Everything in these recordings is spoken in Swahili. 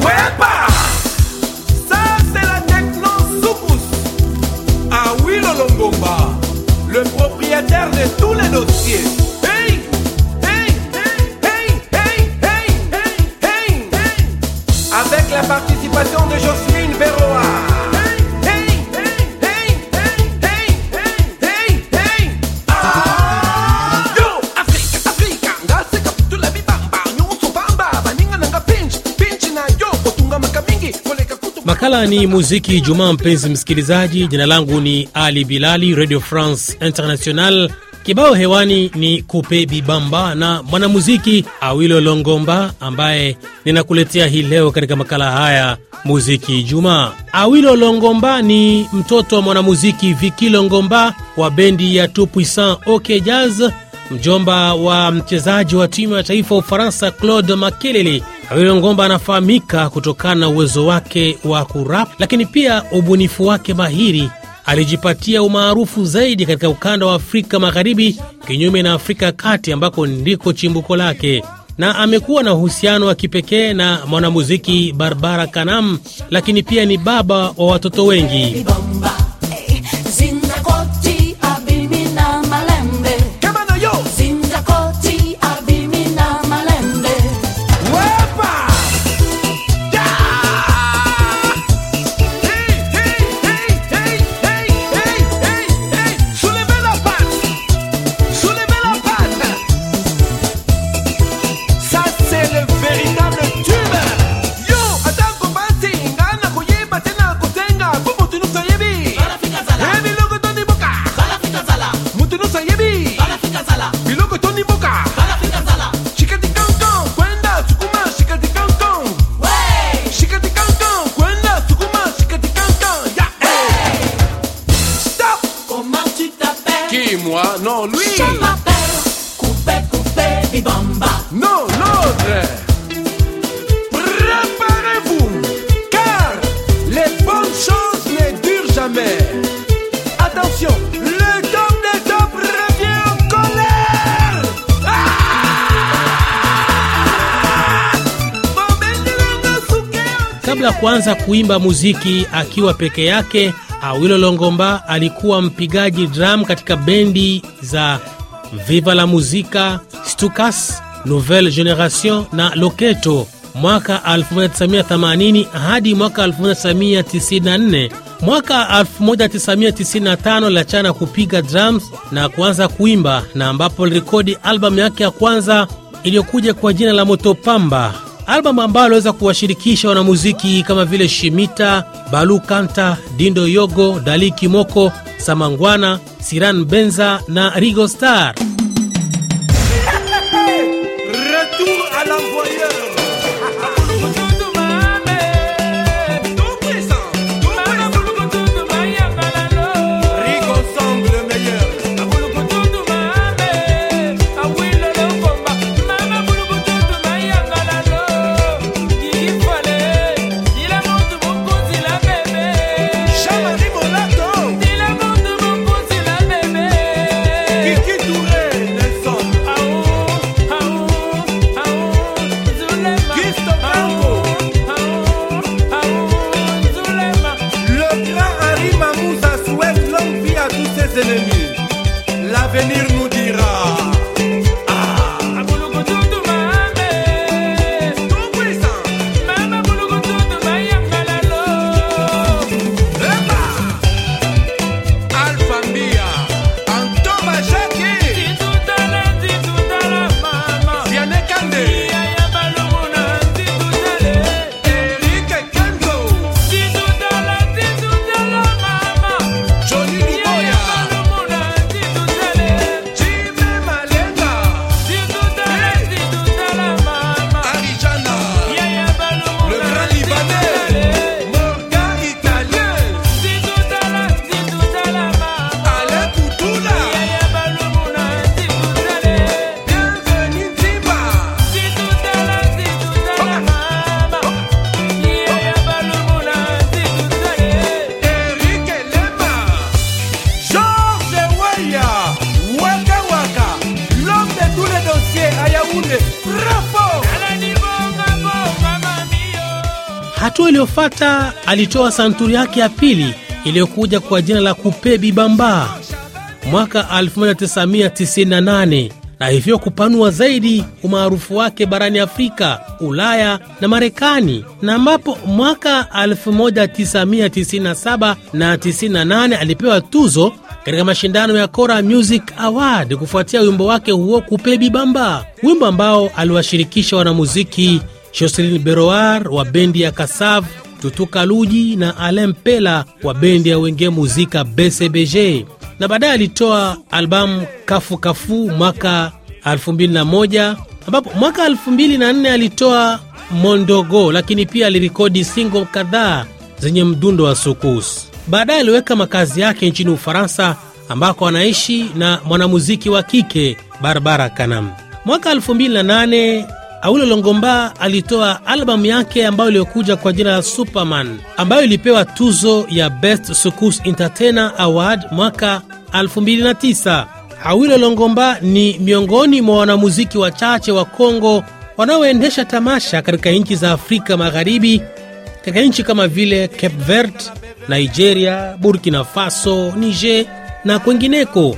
Wepa Ça, c'est la techno Soukous. Ah oui, Lolongomba, le propriétaire de tous les dossiers. Makala ni muziki Jumaa. Mpenzi msikilizaji, jina langu ni Ali Bilali, Radio France International. Kibao hewani ni kupe bibamba na mwanamuziki Awilo Longomba ambaye ninakuletea hii leo katika makala haya muziki Jumaa. Awilo Longomba ni mtoto wa mwanamuziki Viki Longomba wa bendi ya Tout Puissant OK Jazz, mjomba wa mchezaji wa timu ya taifa Ufaransa Claude Makelele Awilo Ngomba anafahamika kutokana na uwezo wake wa kurap, lakini pia ubunifu wake mahiri. Alijipatia umaarufu zaidi katika ukanda wa Afrika Magharibi, kinyume na Afrika ya Kati ambako ndiko chimbuko lake, na amekuwa na uhusiano wa kipekee na mwanamuziki Barbara Kanam, lakini pia ni baba wa watoto wengi. la kwanza kuimba muziki akiwa peke yake, Awilo Longomba alikuwa mpigaji drum katika bendi za Viva la Muzika, Stukas, Nouvelle Generation na Loketo mwaka 1980 hadi mwaka 1994. Mwaka 1995 lachana kupiga drums na kuanza kuimba, na ambapo alirekodi albamu yake ya kwanza iliyokuja kwa jina la Motopamba albamu ambayo aliweza kuwashirikisha wanamuziki kama vile Shimita, Balu Kanta, Dindo Yogo, Dali Kimoko, Samangwana, Siran Benza na Rigo Star. ennemis. L'avenir iliyofata alitoa santuri yake ya pili iliyokuja kwa jina la Kupebi Bamba mwaka 1998 na hivyo kupanua zaidi umaarufu wake barani Afrika, Ulaya na Marekani, na ambapo mwaka 1997 na 98 alipewa tuzo katika mashindano ya Kora Music Award kufuatia wimbo wake huo Kupebi Bamba, wimbo ambao aliwashirikisha wanamuziki Shoselin Beroar wa bendi ya Kasav, Tutuka Luji na Alain Pela wa bendi ya Wenge Muzika BCBG, na baadaye alitoa albamu Kafu Kafu mwaka 2001, ambapo mwaka 2004 alitoa Mondogo, lakini pia alirekodi single kadhaa zenye mdundo wa sukus. Baadaye aliweka makazi yake nchini Ufaransa ambako anaishi na mwanamuziki wa kike Barbara Kanam. Mwaka 2008 Awilo Longomba alitoa albamu yake ambayo iliyokuja kwa jina la Superman ambayo ilipewa tuzo ya Best Sukus Entertainer Award mwaka 2009. Awilo Longomba ni miongoni mwa wanamuziki wachache wa Kongo wanaoendesha tamasha katika nchi za Afrika Magharibi, katika nchi kama vile Cape Verde, Nigeria, Burkina Faso, Niger na kwengineko.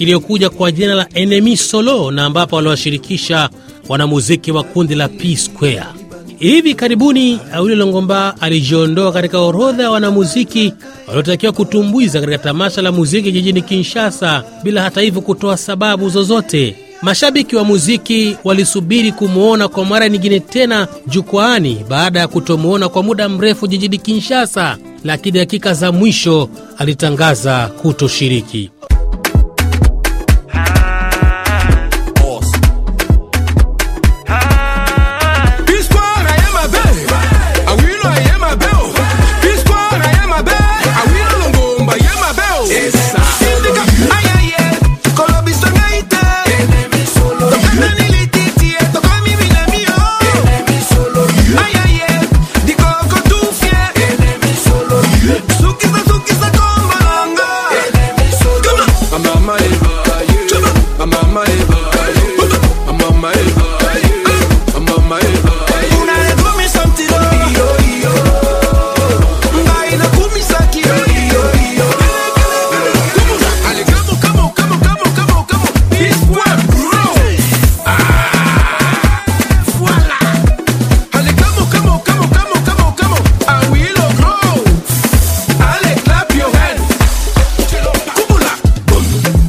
kiliyokuja kwa jina la Enemy Solo na ambapo waliwashirikisha wanamuziki wa kundi la P Square. Hivi karibuni Awilo Longomba alijiondoa katika orodha ya wanamuziki waliotakiwa kutumbuiza katika tamasha la muziki jijini Kinshasa bila hata hivyo kutoa sababu zozote. Mashabiki wa muziki walisubiri kumwona kwa mara nyingine tena jukwaani baada ya kutomwona kwa muda mrefu jijini Kinshasa, lakini dakika za mwisho alitangaza kutoshiriki.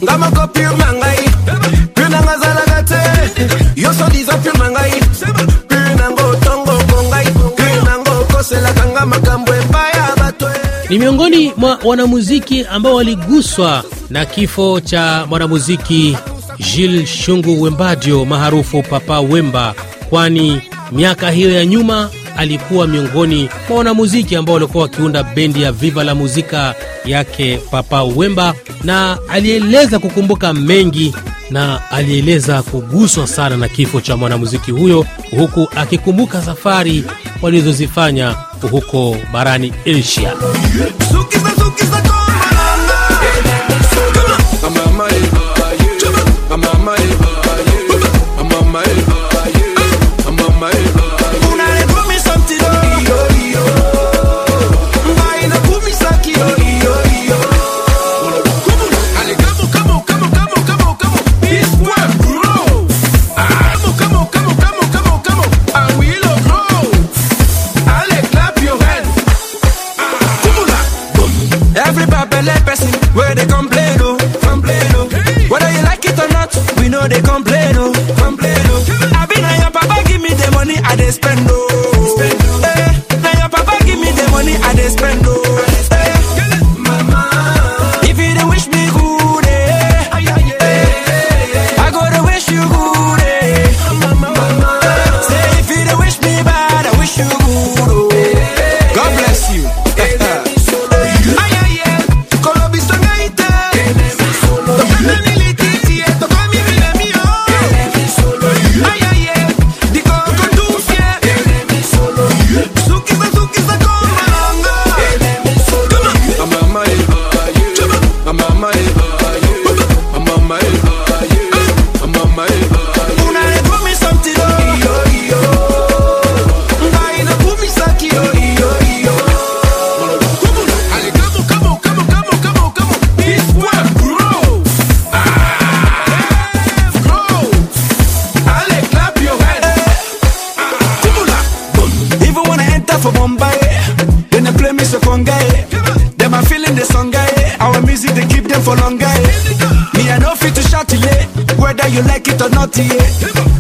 ngamoko pure na ngai pure te yo sodiza pure na ngai pure pure nga makambo ebaya bato ni miongoni mwa wanamuziki ambao waliguswa na kifo cha mwanamuziki jil Shungu Wembadio maarufu Papa Wemba, kwani miaka hiyo ya nyuma alikuwa miongoni mwa wanamuziki ambao walikuwa wakiunda bendi ya Viva la Muzika yake Papa Wemba, na alieleza kukumbuka mengi na alieleza kuguswa sana na kifo cha mwanamuziki huyo, huku akikumbuka safari walizozifanya huko barani Asia. Alternative